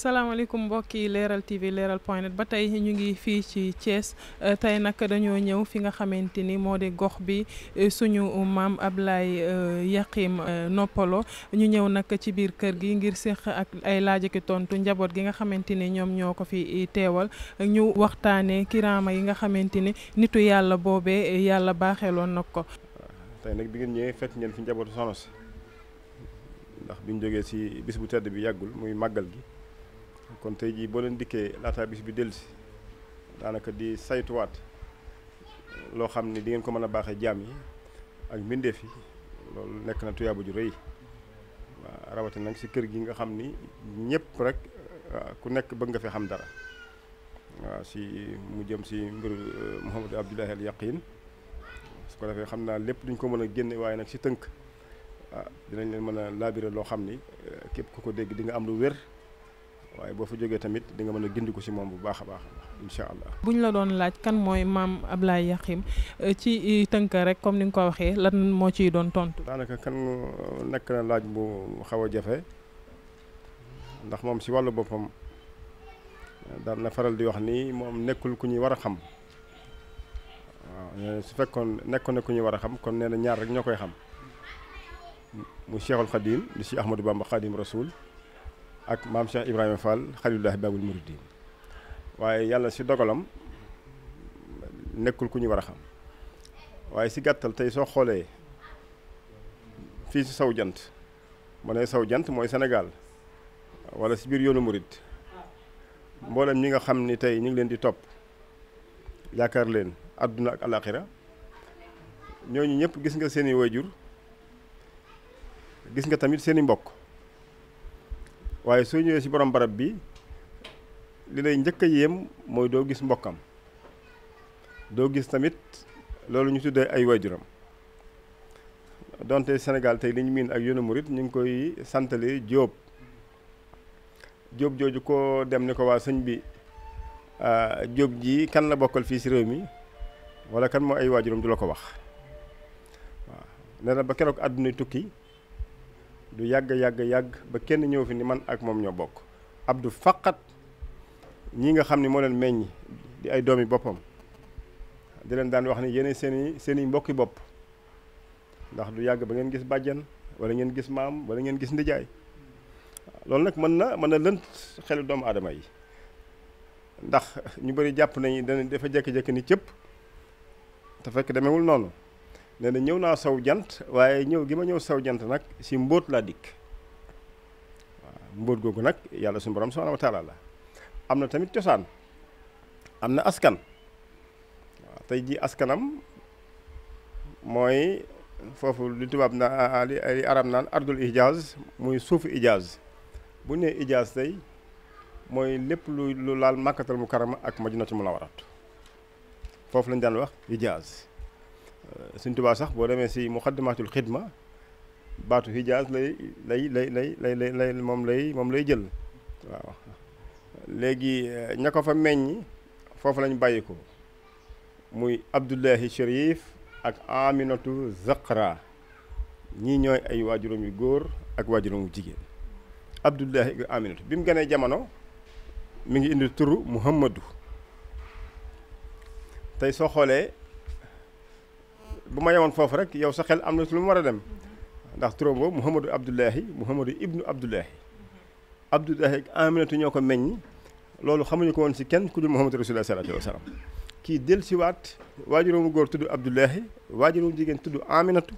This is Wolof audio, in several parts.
salaamaaleykum mbokk yi leeral TV leeral point net ba tey ñu ngi fii ci Thiès euh, tey nag dañoo ñëw fi nga xamante ni moo de gox bi euh, suñu maam ab lay euh, Yakhim noppaloo ñu ñëw nag ci biir kër gi ngir séq ak ay laaj ki tontu njaboot gi nga xamante ni ñoom ñoo ko fi teewal ñu waxtaanee kiraama yi nga xamante ni nitu yàlla boobee yàlla baaxeeloon nag ko. tey nag bi ngeen ñëwee fekk ngeen fi njabootu soxna si ndax bi ñu jógee si bis bu tedd bi yàggul muy màggal gi. kon tey jii boo leen dikkee laataa bis bi si daanaka di saytuwaat loo xam ne di ngeen ko mën a baaxe jaam yi ak mbindeef yi loolu nekk na tuyaaba ju rëy waaw rawatina nag si kër gi nga xam ni ñëpp rek ku nekk bëgg nga fi xam dara waaw si mu jëm si mbiru euh, Mouhamadou Abdoulahi al su ko defee xam naa lépp duñ ko mën a génne waaye nag si tënk ah dinañ leen mën a laabire loo xam ni euh, képp ku ko dégg di nga am lu wér. waaye boo fa jógee tamit di nga mën a gindiku ci moom bu baax a baax incha allah. bu ñu la doon laaj kan mooy maam Ablaye Yakhim eh, ci eh, tënk rek comme ni nga ko waxee lan moo ciy doon tontu. daanaka kan nekk na laaj xaw a jafe ndax moom ci wàllu boppam daan na faral di wax nii moom nekkul ku ñuy war a xam su fekkoon nekkoon ne ku ñuy war a xam kon nee na ñaar rek ñoo koy xam mu Cheikhul Khadim di Cheikh Ahmadou Bamba Khadim Rasoul. ak maam Cheikh Ibrahima Fall xalilullahi baabul muridin waaye yàlla si dogalam nekkul ku ñu war a xam waaye si gàttal tey soo xoolee fii si saw jant mu ne saw jant mooy Sénégal wala si biir yoonu murid mboolem ñi nga xam ni tey ñu ngi leen di topp yaakaar leen àdduna ak alaaxira ñooñu ñëpp gis nga seeni waajur gis nga tamit seeni mbokk waaye soo ñëwee ci borom barab bi li lay njëkk a yéem mooy doo gis mbokkam doo gis tamit loolu ñu tuddee ay waajuram donte Sénégal tey li miin ak yoonu murit ñu ngi koy santale Jóob Jóob jooju ko dem ne ko waa sëñ bi ah, Jóob ji kan la bokkal fii si réew mi walla kan moo ay waajuram du la ko wax waaw na ba keroog àdduna tukki du yàgg yàgg yàgg ba kenn ñëw fi ni man ak moom ñoo bokk ab du faqat ñi nga xam ni moo leen meññ di ay doomi boppam di leen daan wax ni yeneen seeni seeni mbokki bopp ndax du yàgg ba ngeen gis bàjjan wala ngeen gis maam wala ngeen gis ndijaay loolu nag mën na mën na lënt xelu doomu aadama yi ndax ñu bari jàpp nañu dana dafa jékki-jékki ni cëpp te fekk demewul noonu nee na ñëw naa saw jant waaye ñëw gi ma ñëw saw jant nag si mbóot laa dikk waaw mbóot googu nag yàlla suñu borom subhaanahu wa taala la am na tamit cosaan am na askan waaw tey jii askanam mooy foofu li tubaab na li arab naan ardul ijaaz muy suufu ijaaz bu ñu nee ijaaz tey mooy lépp lu lu laal màkkatal mukarrama ak madinatul munawwarat foofu lañ daan wax ijaaz suñ Tuubaa sax boo demee si muqaddimatul xidma baatu hijaas lay lay lay lay lay lay moom lay moom lay jël waaw léegi eh, ña ko fa meññ foofu lañu bàyyi ko muy Abdullahi Sharif ak Aminatu Zaqra ñii ñooy ay waajuram yu góor ak waajuram yu jigéen Abdullahi ak Aminatu bi mu gënee jamono mu ngi indi turu Muhammadu tey soo xoolee bu ma yemoon foofu rek yow sa xel am na ci lu mu war a dem ndax turam boobu Mouhamadou Abdoulahi Mouhamadou Ibnu Abdoulahi Abdoulahi ak Aminatu ñoo ko meññ loolu xamuñu ko woon si kenn ku dul Mouhamadou Rasulullah sa alayhi wa sallam kii del siwaat waajuramu góor tudd Abdoulahi waajuramu jigéen tudd Aminatu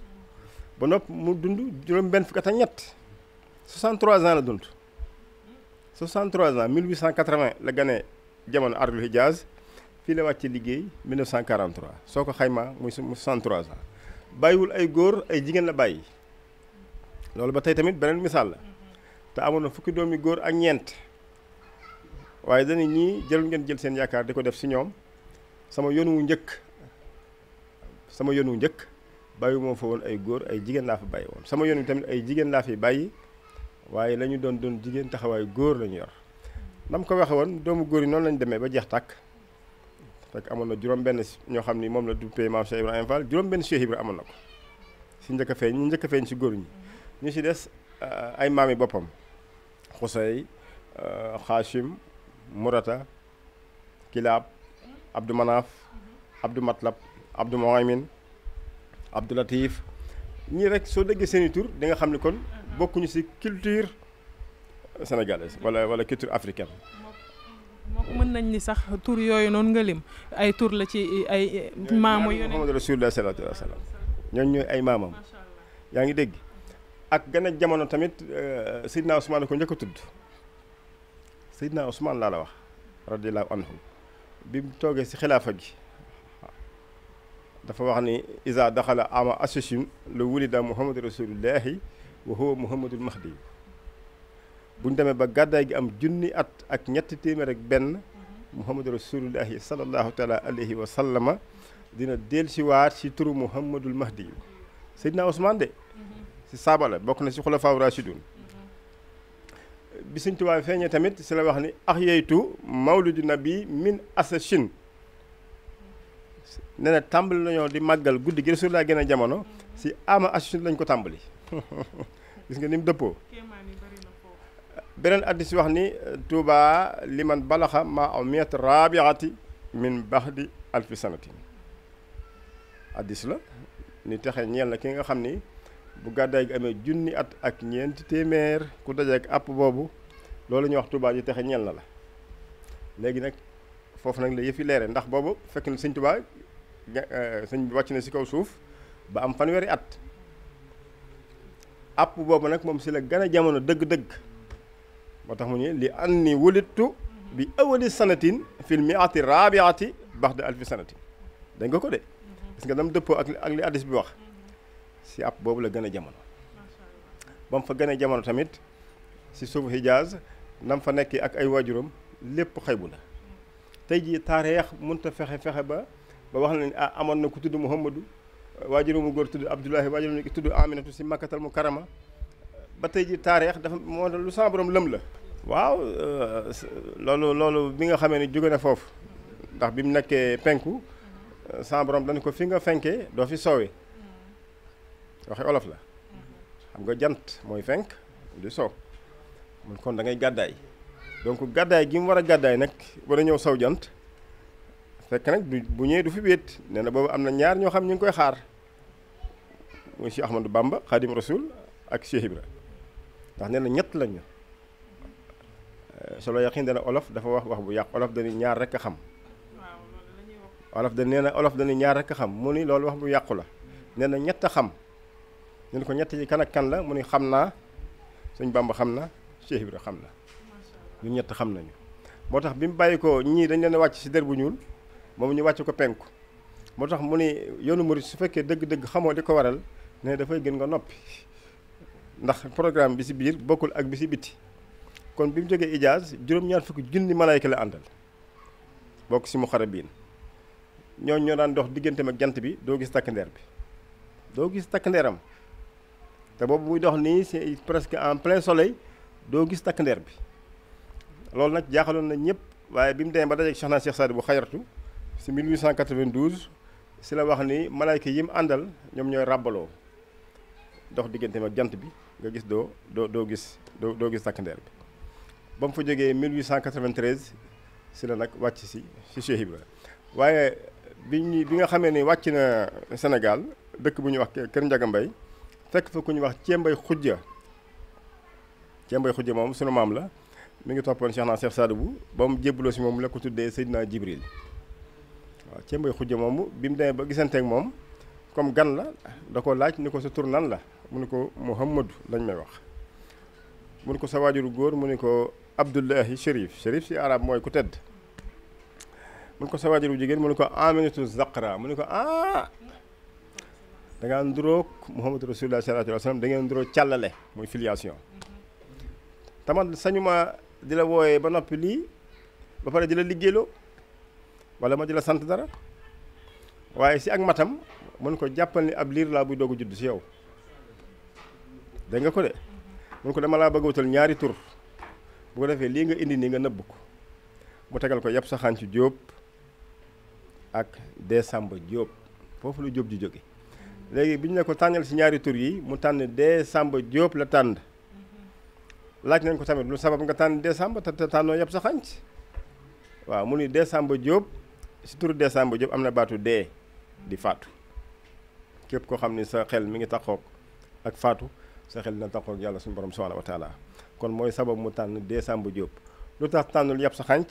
ba nopp mu dund juróom benn fukk ak ñett 63 ans la dund 63 ans 1880 la gane jamono ardul Hijaz fii la wàcce liggéey 1943 soo ko xayma xaymaa muy 63 ans bàyyiwul ay góor ay jigéen la bàyyi loolu ba tey tamit beneen misaal la te amoon na fukki doomi góor ak ñeent waaye dana ñii jëlul ngeen jël seen yaakaar di ko def si ñoom sama yoon wu njëkk sama yoon wu njëkk bàyyi moo fa woon ay góor ay jigéen laa fi bàyyi woon sama yoon wi tamit ay jigéen laa fi bàyyi waaye la doon doon jigéen taxawaayu góor la ñu yor nam ko waxe woon doomu góor yi noonu lañ demee ba jeex tàkk fekk amoon na juróom-benn ñoo xam ni moom la duppee maam Cheikh Ibrahima Fall juróom-benn Cheikh Ibrahima amoon na ko si njëkk feeñ njëkk feeñ si góor ñi ñu si des euh, ay maam maami boppam Xusey euh, Xaachim Murata Kilaab Abdou Manaaf Abdou Matlab Abdou Mohamin Abdou Latif ñii rek soo déggee seen tur di nga xam ni kon bokkuñu si culture sénégalaise wala wala culture africaine. moo mën nañ ni sax tur yooyu noonu nga lim ay tur la ci ay maamu yonent rasulullah sallallahu alayhi wa sallam ñooñ ay maamam yaa ngi dégg ak gën jamono tamit euh, Seydina Ousmane ko njëkk a tudd Seydina Ousmane laa la wax radiyallahu anhu bi mu toogee si xilaafa gi dafa wax ni isa daxala ama assasin lu wulida muhammadu rasulullahi wa huwa mahdi bu ñu demee ba gàddaay gi am junni at ak ñetti téeméer ak benn muhammadu rasulullahi sallallahu taala alayhi wa sallama dina dellusiwaat ci turu muhammadul mahdi yu seydina Ousmane de ci saaba la bokk na ci xulafaaw rashidun bi Sëñ Tuubaa feeñee tamit ci la wax ni axyaytu mawlidu nabi min asachin ne tàmbali nañoo di màggal guddi gi rasulullah gën a jamono si ama asachin lañ ko tàmbali gis nga ni dëppoo beneen addis wax ni Touba liman balaxa ma aw miyat rabiati min baxdi alfi sanatin addis la ni texe ñeel na ki nga xam ni bu gàddaay gi amee junni at ak ñeent téeméer ku dajeek àpp boobu loolu ñuy wax Touba ji texe ñeel na la léegi nag foofu nag la yëfi leere ndax boobu fekk na sëñ Touba euh, sëñ bi wàcc na si kaw suuf ba am fanweeri at àpp boobu nag moom si la gën a jamono dëgg-dëgg moo tax mu ne li anni wulittu bi awali sanatin fil miati bax baxda alfi sanatin dañ ko ko de gis nga dam dëppoo ak ak li addis bi wax si ab boobu la gën a jamono ba fa gën a jamono tamit si suufu Hijaaz nam fa nekk ak ay waajuram lépp xaybu na tey jii taareex mënut a fexe fexe ba ba wax na ne ah amoon na ku tudd Muhammadu waajuramu góor tudd Abdullahi waajuram tudd Aminatu si makkatal mu karama ba tey ji taarix dafa moo lu sama borom lëm la waaw euh, loolu loolu bi nga xamee ne jóge na foofu ndax bi mu nekkee penku euh, sama borom dañ ko fi nga fenkee doo fi soowee mm-hmm. waxe olof la mm-hmm. xam nga jant mooy fenk du sow mun kon da ngay gàddaay donc gàddaay gi mu war a gàddaay nag war a ñëw sow jant fekk nag bu ñëwee du fi wéet nee na boobu am na ñaar ñoo xam ñu ngi koy xaar muy si Ahmadou Bamba Khadim Rasoul ak Cheikh Ibra ndax nee na ñett lañu solo yaqin dana olof dafa wax wax bu yàq olof dana ñaar rekk a xam olof da nee na olof dana ñaar rek a xam mu ni loolu wax bu yàqu la nee na ñett a xam ñu ko ñett ci kan ak kan la mu ni xam naa suñ bàmba xam na Cheikh Ibra xam na ñun ñett xam nañu moo tax bi mu bàyyi ko ñii dañ leen wàcc si der bu ñuul moom ñu wàcc ko penk moo tax mu ni yoonu murid su fekkee dëgg-dëgg xamoo di ko waral ne dafay gën nga noppi ndax programme bi si biir bokkul ak bi si bitti kon bi mu jógee Ijaaz juróom-ñaar fukki junni malaayka la àndal bokk si muxarabiin ñoo ñoo daan dox diggante ak jant bi doo gis takk ndeer bi doo gis takk ndeeram te boobu muy dox nii c'est presque en plein soleil doo gis takk bi loolu nag jaaxaloon na ñëpp waaye bi mu demee ba dajeeg Soxna Cheikh Saadi bu xayratu si 1892 si la wax ni malaayka yi mu àndal ñoom ñooy ràbbaloo dox diggante ak jant bi nga gis doo doo doo gis doo doo gis takk ndeer bi ba mu fa jógee 1893 si la nag wàcc si si Cheikh la waaye bi bi nga xamee ni wàcc na Sénégal dëkk bu ñuy wax Kër Njaga Mbay fekk fa ku ñuy wax Cembay Xujja Cembay Xujja moom sunu maam la mu ngi toppoon Cheikh naa Cheikh Sadibou ba mu jébbaloo si moom la ko tuddee Seydina Jibril waaw Cembay Xujja moom bi mu demee ba gisanteeg moom comme gan la da ko laaj ni ko sa tur nan la mu ni ko Mouhamadou lañ may wax mu ni ko sa waajuru góor mu ni ko Abdullahi Chérif Chérif si arab mooy ku tedd mu ni ko sa waajuru jigéen mu ni ko Aminatu Zaqra mu ni ko ah da ngaa nduróog Mouhamadou Rasulullah sallallahu alayhi wa sallam da ngeen nduróog càllale muy filiation tamat sañuma di la wooyee ba noppi lii ba pare di la liggéeyloo walla ma di la sant dara waaye si ak matam mën ko jàppal ni ab liir laa buy doog a judd si yow danga ko de mun ko dama laa bëgg wutal ñaari tur bu ko defee lii nga indi nii nga nëbb ko mu tegal ko yàpp sa xànc jóob ak décembre jóob foofu lu jóob ji jóge léegi bi ñu ne ko tànnal si ñaari tur yi mu tànn décembre jóob la tànn laaj nañ ko tamit lu sabab nga tànn décembre te te tànnoo yàpp sa xànc waaw mu ni décembre jóob si turu décembre jóob am na baatu dee di faatu képp koo xam ni sa xel mi ngi taxoog ak faatu sa xel dina taxoog yàlla suñu borom subhaanahu wa taala kon mooy sabab mu tànn Décembre Diop lu tax tànnul yàpp sa xànc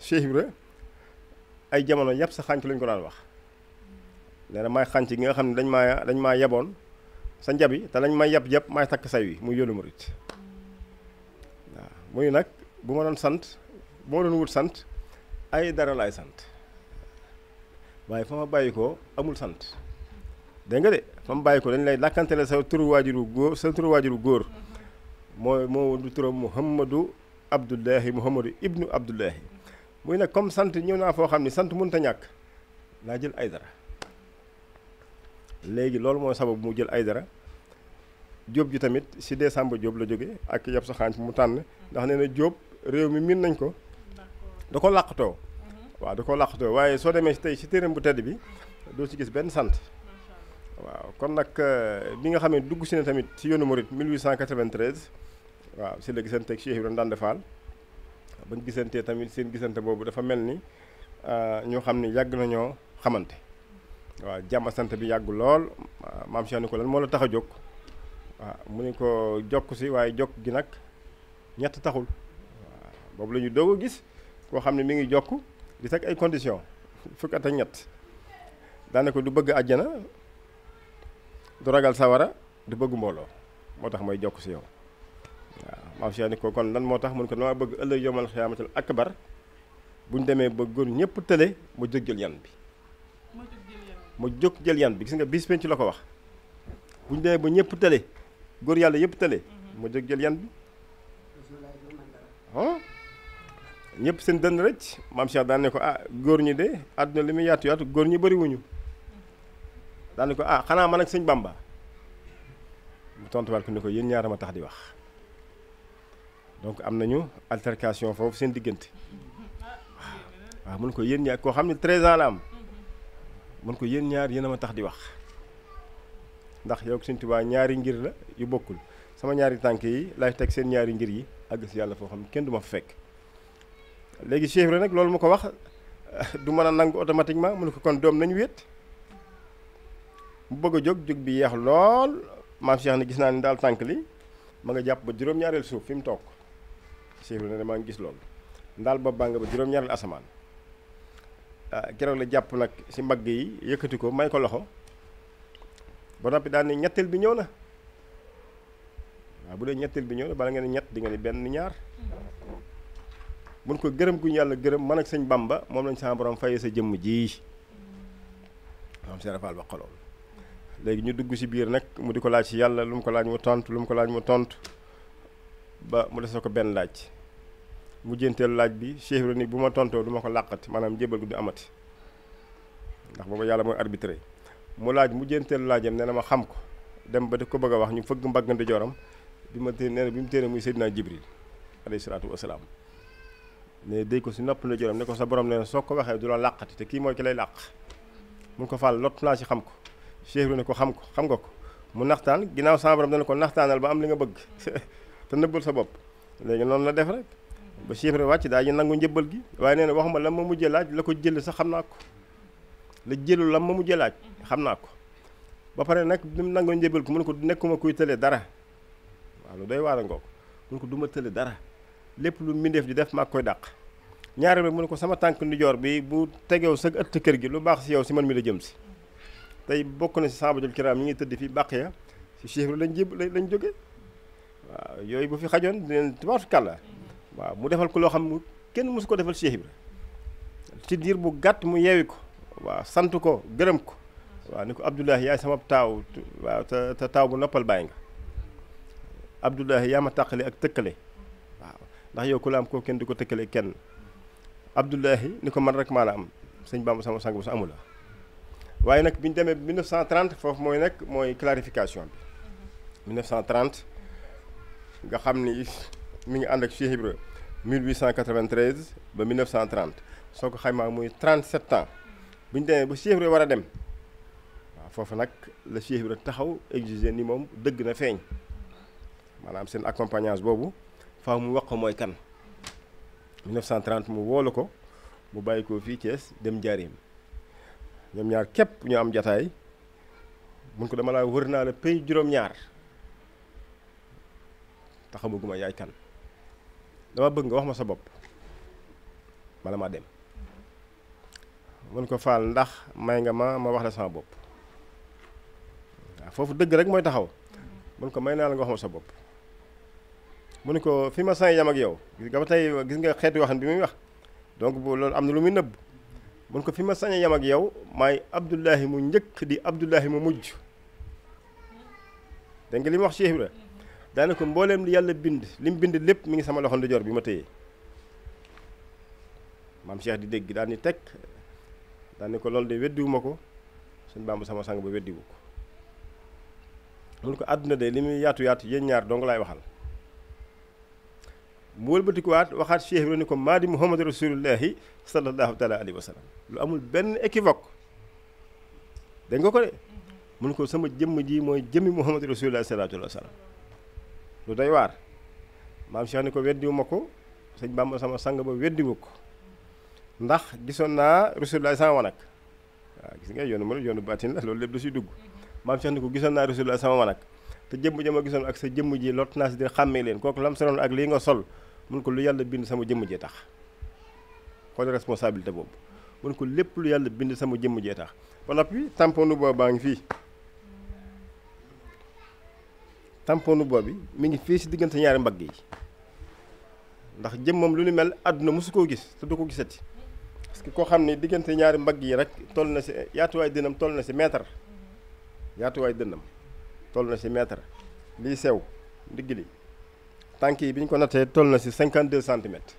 Cheikh Ibra ay jamono yàpp sa xànc lañ ko daan wax nee may xànc gi nga xam ne dañ maa dañ maa yeboon sa njabi te lañ may yab yab may takk say wi muy yoonu murit waaw muy nag bu ma doon sant boo doon wut sant ay dara laay sant waaye fa ma bàyyi ko amul sant dégg nga de fa mu bàyyi ko dañ lay lakkantele sa turu waajuru góor sa turu waajuru góor mooy moo du turam Mouhamadou Abdoulahi Mouhamadou Ibnu Abdoulahi muy nag comme sant ñëw naa foo xam ni sant mënut a ñàkk laa jël ay dara léegi loolu mooy sabab mu jël ay dara Jóob ji tamit si décembre Jóob la jóge ak yab sa xaanc mu tànn ndax nee na Jóob réew mi miin nañ ko da ko làqatoo mhm. waaw da ko làqatoo waaye soo demee tey si téeram bu tedd bi doo ci gis benn sant waaw kon nag euh, bi nga xam ne dugg si ne tamit si yoonu Mouride 1893 waaw si la gisante ak Cheikh daan defaal bañ gisantee tamit seen gisante boobu dafa mel ni euh, ñoo xam ne yàgg nañoo xamante waaw jàmm sant bi yàgg lool maam Cheikh ni ko lan moo la tax a jóg waaw mu ne ko jokk si waaye jokk gi nag ñett taxul waaw boobu la ñu doog a gis koo xam ne mi ngi jokk di teg ay conditions fukk at ñett daane ko du bëgg àjjana du ragal sawara du bëgg mbooloo moo tax mooy jokk si yow waaw maam Cheikh ni ko kon lan moo tax mun ko dama bëgg ëllëg yomal xiyaamatul akbar bu ñu demee ba góor ñépp tële ma jóg jël yan bi mu jóg jël yan bi gis nga bis ci la ko wax bu ñu demee ba ñëpp tële góor yàlla yëpp tële mhm. ma jóg jël yan bi ñëpp seen dënn rëcc maam Cheikh daan ne ko ah góor ñi de àdduna li muy yaatu yaatu góor ñi bariwuñu daal ko ah xanaa man ak sëñ Bamba mu tontuwaat ko ni ko yéen ñaar ma tax di wax donc am nañu altercation foofu seen diggante waaw waaw mun ko yéen ñaar koo xam ne 13 ans la am ko yéen ñaar yéen a ma tax di wax ndax yow sëñ Tuubaa ñaari ngir la yu bokkul sama ñaari tànk yi laay teg seen ñaari ngir yi àgg si yàlla foo xam ne kenn du ma fa fekk léegi Cheikh Ibra loolu mu ko wax du mën a nangu automatiquement mun ne ko kon doom nañu wéet. mu bëgg a jóg jóg bi yeex lool maam Cheikh ne gis naa ni daal tànk li ma nga jàpp ba juróom-ñaareel suuf fi mu toog Cheikh ne damaa ngi gis loolu ndaal ba baa nga ba juróom-ñaareel asamaan ah, keroog la jàpp nag si mbagg yi yëkkati ko may ko loxo ba noppi daal ni ñetteel bi ñëw na waaw bu dee ñetteel bi ñëw na bala nga ne ñett di nga ni benn ñaar mun ko gërëm gu ñu yàlla gërëm man ak sëñ Bamba moom lañ sama borom fayee sa jëmm ji maam Cheikh Fall wax loolu léegi ñu dugg ci biir nag mu di ko laaj si yàlla lu mu ko laaj mu tontu lu mu ko laaj mu tontu ba mu dese ko benn laaj mu jënteelu laaj bi Cheikh Ibra bu ma tontoo du ko làqati maanaam jébal gu amati ndax booba yàlla mooy arbitré mu laaj mu jënteelu laajam nee na ma xam ko dem ba di ko bëgg a wax ñu fëgg mbagg ndijooram bi ma tee nee bi mu téene muy Seydina Jibril alayhi salaatu wasalaam ne day ko si nopp ndijooram ne ko sa borom nee na soo ko waxee du la làqati te kii mooy ki lay làq mu ko fàll lot naa ci xam ko Cheikh Ibra ne ko xam ko xam nga ko mu naxtaan ginnaaw sa na dana ko naxtaanal ba am li nga bëgg te nëbbal sa bopp léegi noonu la def rek ba Cheikh wàcc daa yi nangu njëbbal gi waaye nee na waxuma lan ma mujjee laaj la ko jël sa xam naa ko la jëlu lan ma mujjee laaj xam naa ko ba pare nag bi mu nangoo njëbbal ko mu ne ko nekkuma kuy tële dara waaw lu doy waar a ngoog mu ne ko du ma tële dara lépp lu mbindeef di def maa koy dàq ñaareel ba mu ne ko sama tànk bi bu tegew sa ëtt kër gi lu baax si yow si man mi la jëm si tey bokk na si saabatul kiraam ñi ngi tëdd fi bàq ya si chiffre lañ jib lañ jóge waaw yooyu bu fi xajoon dinañ tubaatu waaw mu defal ko loo xam ne kenn mosu ko defal Cheikh Ibra ci diir bu gàtt mu yeewi ko waaw sant ko gërëm ko waaw ni ko Abdoulahi yaay sama taaw waaw taaw bu noppal bàyyi nga Abdoulahi yaa ma tàqale ak tëkkale waaw ndax yow ku la am koo kenn di ko tëkkale kenn Abdoulahi ni ko man rek am sëñ Bamba sama sang bu sa amula waaye nag bi ñu demee 1930 foofu mooy nag mooy clarification bi 1930 nga xam ni mi ngi ànd ak Cheikh Ibra 1893 ba 1930 soo ko xaymaa muy 37 ans bu ñu demee ba Cheikh Ibra war a dem waaw foofu nag la Cheikh Ibra taxaw exiger ni moom dëgg na feeñ maanaam seen accompagnage boobu faaw mu wax ko mooy kan 1930 mu woolu ko mu bàyyi ko fii Thiès dem Njaaréem ñoom ñaar képp ñu am jataay mun ko dama laa wër naa la pay juróom-ñaar te xamaguma yaay kan dama bëgg nga wax ma sa bopp ma bala maa dem mun ko faal ndax may nga ma ma wax la sama bopp foofu dëgg rek mooy taxaw mun ko may naa la nga sa bopp mu ne ko fi ma sañ yam ak yow gis nga ba tey gis nga xeetu waxan bi muy wax donc loolu am na lu muy nëbb mun ko fi ma sañ a yem ak yow maay Abdullahi mu njëkk di Abdullahi mu mujj dégg nga li mu wax Cheikh la daana ko mbooleem li yàlla bind li bind lépp mu ngi sama loxo ndijoor bi ma téye maam Cheikh di dégg daal teg daal ko loolu de weddiwuma ko suñ bàmb sama sang ba weddiwu ko mun ko àdduna de li muy yaatu yaat yéen ñaar dong laay waxal mu wëlbatikuwaat waxaat Cheikh Ibrahima ni ko maa di Muhammad rasulullahi sallallahu taala alayhi wa lu amul benn équivoque dégg nga ko de mun ko sama jëmm ji mooy jëmmi Muhammad rasulullahi sallallahu alayhi wa sallam lu doy waar maam Cheikh ni ko weddiwu ma ko sëñ Bamba sama sang ba weddiwu ko ndax gisoon naa rasulullahi sama wanag waaw gis nga yoonu ma yoonu baatin la loolu lépp da siy dugg maam Cheikh ni ko gisoon naa rasulullahi sama wanag te jëmm ja ma gisoon ak sa jëmm ji lot naa si di xàmmee leen kooku lam ak lii nga sol mun ko lu yàlla bind sama jëmm jee tax xool responsabilité boobu mun ko lépp lu yàlla bind sama jëmm jee tax ba noppi tamponu boobu baa ngi fii tamponu boobu bi mi ngi fii si diggante ñaari mbagg yi ndax jëm moom lu nu mel àdduna mosu koo gis te du ko gisati parce que koo xam ne diggante ñaari mbagg yi rek toll na si yaatuwaay dënam toll na si mètre yaatuwaay dënam toll na si mètre lii sew ndigg li tànk yi bi ñu ko nattee toll na si cinquante deux centimètres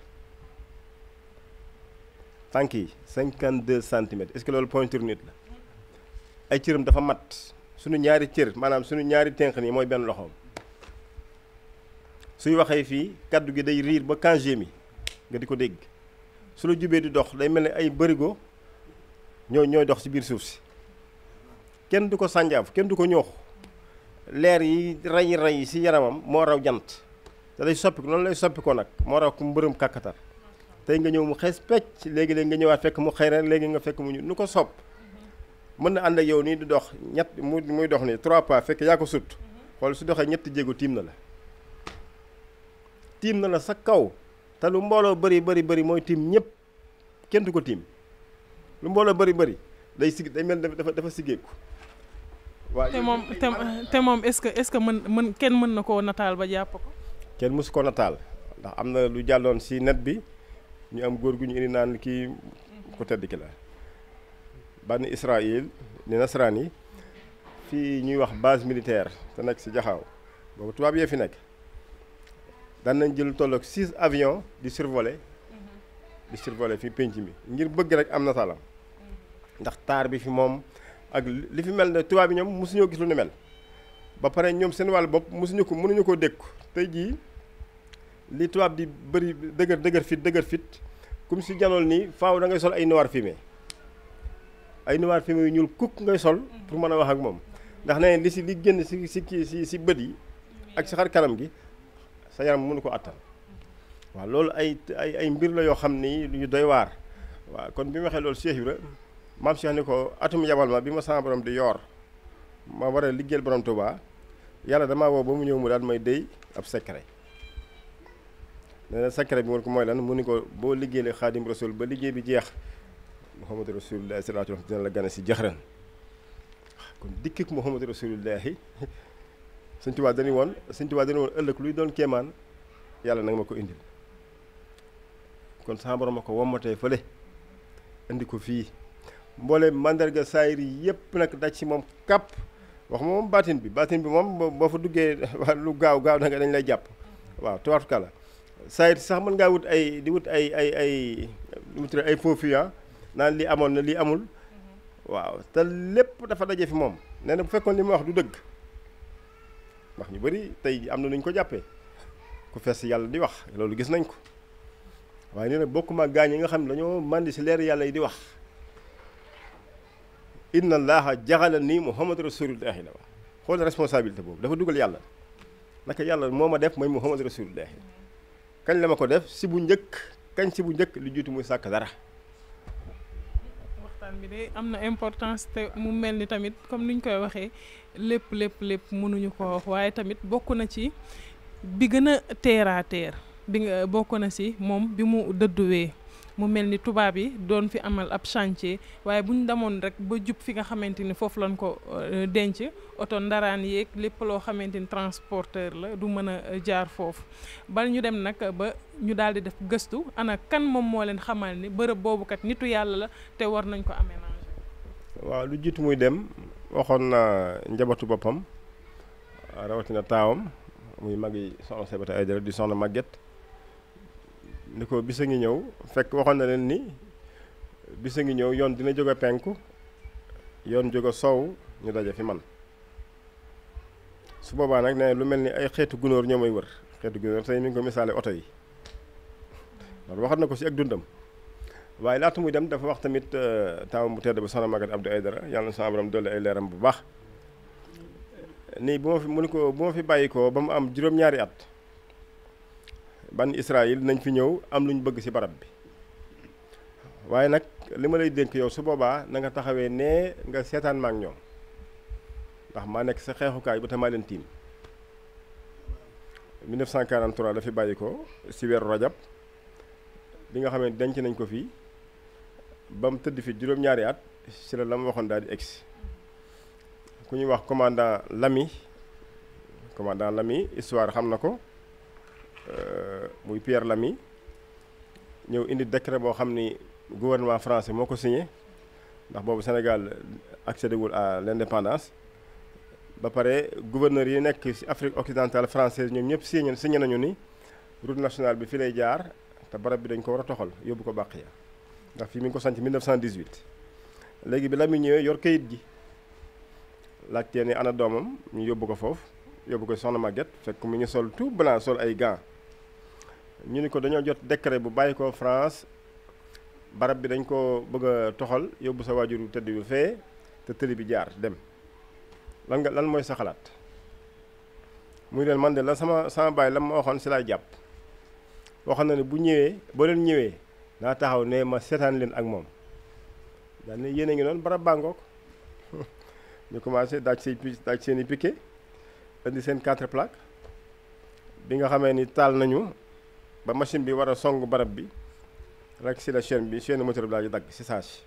tànk yi cinquante deux centimètres est ce que loolu pointure nit la ay cëram dafa mat suñu ñaari cër maanaam suñu ñaari tenq nii mooy benn loxoom suy waxee fii kàddu gi day riir ba kangé mi nga di ko dégg su la jubee di dox day mel ni ay bërigo ñoo ñooy dox si biir suuf si kenn du ko sànjaaf kenn du ko ñoox leer yi ray ray si yaramam moo raw jant te day soppi noonu lay soppi ko nag moo tax ku mbërëm kàkkatar tey nga ñëw mu xees pecc léegi léegi nga ñëwaat fekk mu xëy léegi nga fekk mu ñu nu ko sopp mën na ànd ak yow nii di dox ñett mu muy dox nii trois pas fekk yaa ko sut xool su doxee ñetti jéego tiim na la tiim na la sa kaw te lu mbooloo bari bari bari mooy tiim ñëpp kenn du ko tiim lu mbooloo bari bëri day sig day mel dafa dafa siggeeku waaw te moom te moom est-ce que est-ce que mën mën kenn mën na koo nataal ba jàpp ko kenn mosu ko nataal ndax am na lu jàlloon si net bi ñu am góor gu ñu indi naan kii ku tedd ki la bann Israël ni nasraan yi fii ñuy wax base militaire te nekk si jaxaaw boobu tubaab yee fi nekk daan nañ jël tolloog six avions di survoler mhm. di survoler fii penc mi ngir bëgg rek am nataalam mhm. ndax taar bi fi moom ak li fi mel ne tubaab yi ñoom mosuñoo gis lu ni mel ba pare ñoom seen wàll bopp mosuñu ko mënuñu koo dékku tey jii li tubaab di bëri dëgër dëgër fit dëgër fit comme si janool nii faw da ngay sol ay noir fumé ay noir fumé yu ñuul kukk ngay sol pour mën a wax ak moom ndax nee li si li génn si si kii si si bët yi ak si xar kanam gi sa yaram mënu ko attan waaw loolu ay ay ay mbir la yoo xam ni ñu doy waar waaw kon bi ma lool loolu Cheikh Ibra maam Cheikh ni ko atum yabal ma bi ma sama borom di yoor ma war a liggéeyal borom Tuubaa yàlla damaa woo ba mu ñëw mu daal may dey ab secret nee na secret bi mun ko mooy lan mu ni ko boo liggéeyee xaadim rasul ba liggéey bi jeex muhammadu rasululaahi salaatu wax dina la gane si jaxran kon dikkik muhammadu rasululaahi Sëñ Tuubaa dañu woon Sëñ Tuubaa dañu woon ëllëg luy doon kéemaan yàlla nanga ma ko indil kon sama ma ko wommatee fële indi ko fii mboole mandarga saayir yépp nag daj si moom kàpp wax ma moom baatin bi baatin bi moom boo fa duggee lu gaaw gaaw da nga dañ lay jàpp waaw ka tubaarkalla saayit sax mën ngaa wut ay di wut ay ay ay ay faux fuyant naan lii amoon na lii amul waaw te lépp dafa daje fi moom nee na bu fekkoon li mu wax du dëgg wax ñu bari tey am na nuñ ko jàppee ku fees yàlla di wax loolu gis nañ ko waaye nee na bokkuma gaañ yi nga xam ne dañoo màndi si leer yàlla yi di wax inna allaha jaxala nii muhammad rasulullahi la wax xool responsabilité boobu dafa dugal yàlla naka yàlla moo ma def mooy muhammad rasulullahi kañ la ma ko def si bu njëkk kañ si bu njëkk lu jiitu muy sàkk dara waxtaan bi de am na importance te mu mel ni tamit comme ni ñu koy waxee lépp lépp lépp mënuñu ko wax waaye tamit bokk na ci bi gën a teera teer bi nga bokk na si moom bi mu dëdduwee mu mel ni tubaab yi doon fi amal ab chantier waaye bu ñu demoon rek ba jub fi nga xamante ni foofu lañ ko euh, denc oto ndaraan yéeg lépp loo xamante ni transporteur la du mën a euh, jaar foofu bal ñu dem nag ba ñu daal def gëstu ana kan moom moo leen xamal ni bërëb boobu kat nitu yàlla la te war nañ ko aménager. waaw lu jiitu muy dem waxoon na njabootu boppam rawatina taawam muy mag yi soxna Sebata Aïdara di soxna Maguette. ni ko bisa ngi ñëw fekk waxoon na leen ni bisa ngi ñëw yoon dina jóge penku yoon jóge sow ñu daje fi man su boobaa nag nee lu mel ni ay xeetu gunóor ñoo may wër xeetu gunóor tey mi ngi ko misaale oto yi wax waxat na ko ci ak dundam waaye laata muy dem dafa wax tamit euh, taaw mu tedd ba soxna Maguette Abdou Aydara yàlla na sama borom dolli ay leeram bu baax nii bu ma fi mu ni ko bu ma fi bàyyi ko ba mu am juróom-ñaari at ban Israël nañ fi ñëw am lu ñu bëgg ci barab bi waaye nag li ma lay dénk yow su boobaa na nga taxawee nee nga seetaan ma ak ñoom ndax maa nekk sa xeexukaay ba te maa leen tiim 1943 la fi bàyyi ko si weeru rajab bi nga xam ne denc nañ ko fii ba mu tëdd fi juróom-ñaari at ci la la waxoon daal di egsi ku ñuy wax commandant lami commandant lami histoire xam na ko euh, muy Pierre Lamy ñëw indi décret boo xam ni gouvernement français moo ko signé ndax boobu Sénégal accédé wul à l'indépendance ba pare gouverneur yi nekk ci Afrique occidentale française ñoom ñëpp signé signé nañu ni route nationale bi fi lay jaar te barab bi dañ ko war a toxal yóbbu ko bàq ya ndax fii mi ngi ko sanc 1918 léegi bi Lamy ñëwee yor kayit gi laajtee ni ana doomam ñu yóbbu ko foofu yóbbu ko soxna Maguette fekk mu ngi sol tout blanc sol ay gants ñu ni ko dañoo jot décret bu bàyyi ko France barab bi dañ ko bëgg a toxal yóbbu sa waajur wu tëdd bi fee te tëli bi jaar dem lan nga lan mooy sa xalaat muy leen man de la sama sama baay la ma waxoon si laay jàpp waxoon na ne bu ñëwee boo leen ñëwee naa taxaw ne ma seetaan leen ak moom daal ne yéen a ngi noonu barab bàngook ñu commencé daaj seen daaj seen i piquet indi seen quatre plaques bi nga xamee ni taal nañu ba machine bi war a song barab bi rek si la chaîne bi seeni moteur bi laa dagg si saa si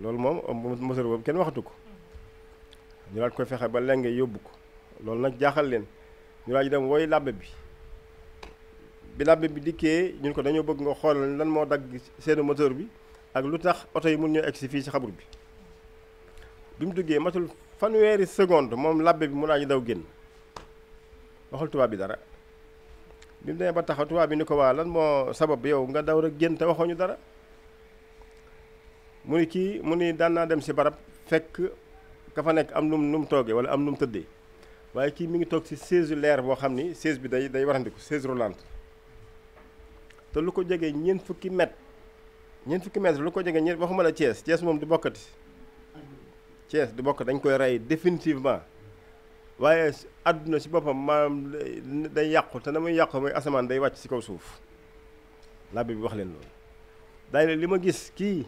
loolu moom euh, moteur boobu kenn waxatu ko ñu daal koy fexe ba lenge yóbbu ko loolu nag jaaxal leen ñu daal dem woy làbbe bi bi làbbe bi dikkee ñun ko dañoo bëgg nga xoolal lan moo dagg seen moteur bi ak lu tax oto yi mun ñoo si fii si xabur bi bi mu duggee matul fanweeri seconde moom làbbe bi mun naa ñu daw génn waxul tubaab bi dara bi mu demee ba taxaw tubaab bi ni ko waa lan moo sabab yow nga daw rek génn te waxoo ñu dara mu ni kii mu ni daan naa dem si barab fekk ka fa nekk am num nu mu toogee wala am nu mu tëddee waaye kii mi ngi toog si chaise leer boo xam ni chaise bi day day warandiku chaise roulante te lu ko jegee ñeent fukki mètre ñeent fukki mètre lu ko jegee ñeent waxuma la Thiès Thiès moom du bokkati Thiès du bokk dañ koy rey définitivement waaye àdduna si boppam maanaam day yàqu te na muy yàqu mooy asamaan day wàcc si kaw suuf labbi bi wax leen loolu daay li ma gis kii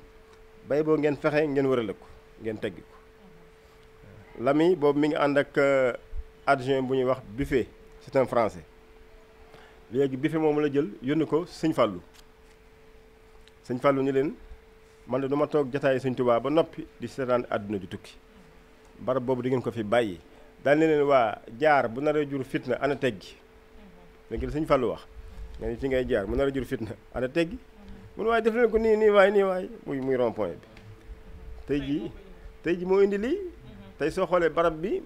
bay boo ngeen fexe ngeen wërale ko ngeen tegg ko lami boobu mi ngi ànd ak uh, adjoint bu ñuy wax Buffet c'est un français léegi Buffet moomu la jël yónni ko sëñ Fallou sëñ Fallou ni leen man de du ma toog jataayu sëñ Tuubaa ba noppi di seetaan àdduna di tukki barab boobu di ngeen ko fi bàyyi dal ne leen waa jaar bu nar a jur fitna ana teggi da ngeen suñ fàllu wax nga ni fi ngay jaar bu nar a jur fitna ana teggi mm-hmm. mun waaye def leen ko nii nii waaye nii waay muy muy rond bi tey jii tey ji moo indi lii mm-hmm. tey soo xoolee barab bi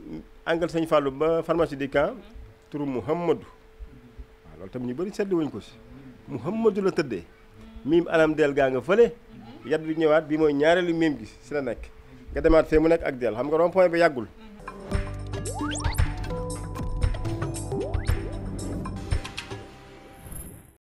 angal sañ fàllu ba pharmacie du camp mm-hmm. turu Muhammadu waaw loolu tamit ñu bari sedd wuñ ko si Muhammadu la tëddee miim alam del gaa nga fële yat bi ñëwaat bi mooy ñaareelu miim gi si la nekk nga demaat fee mu nekk ak xam nga rond bi yàggul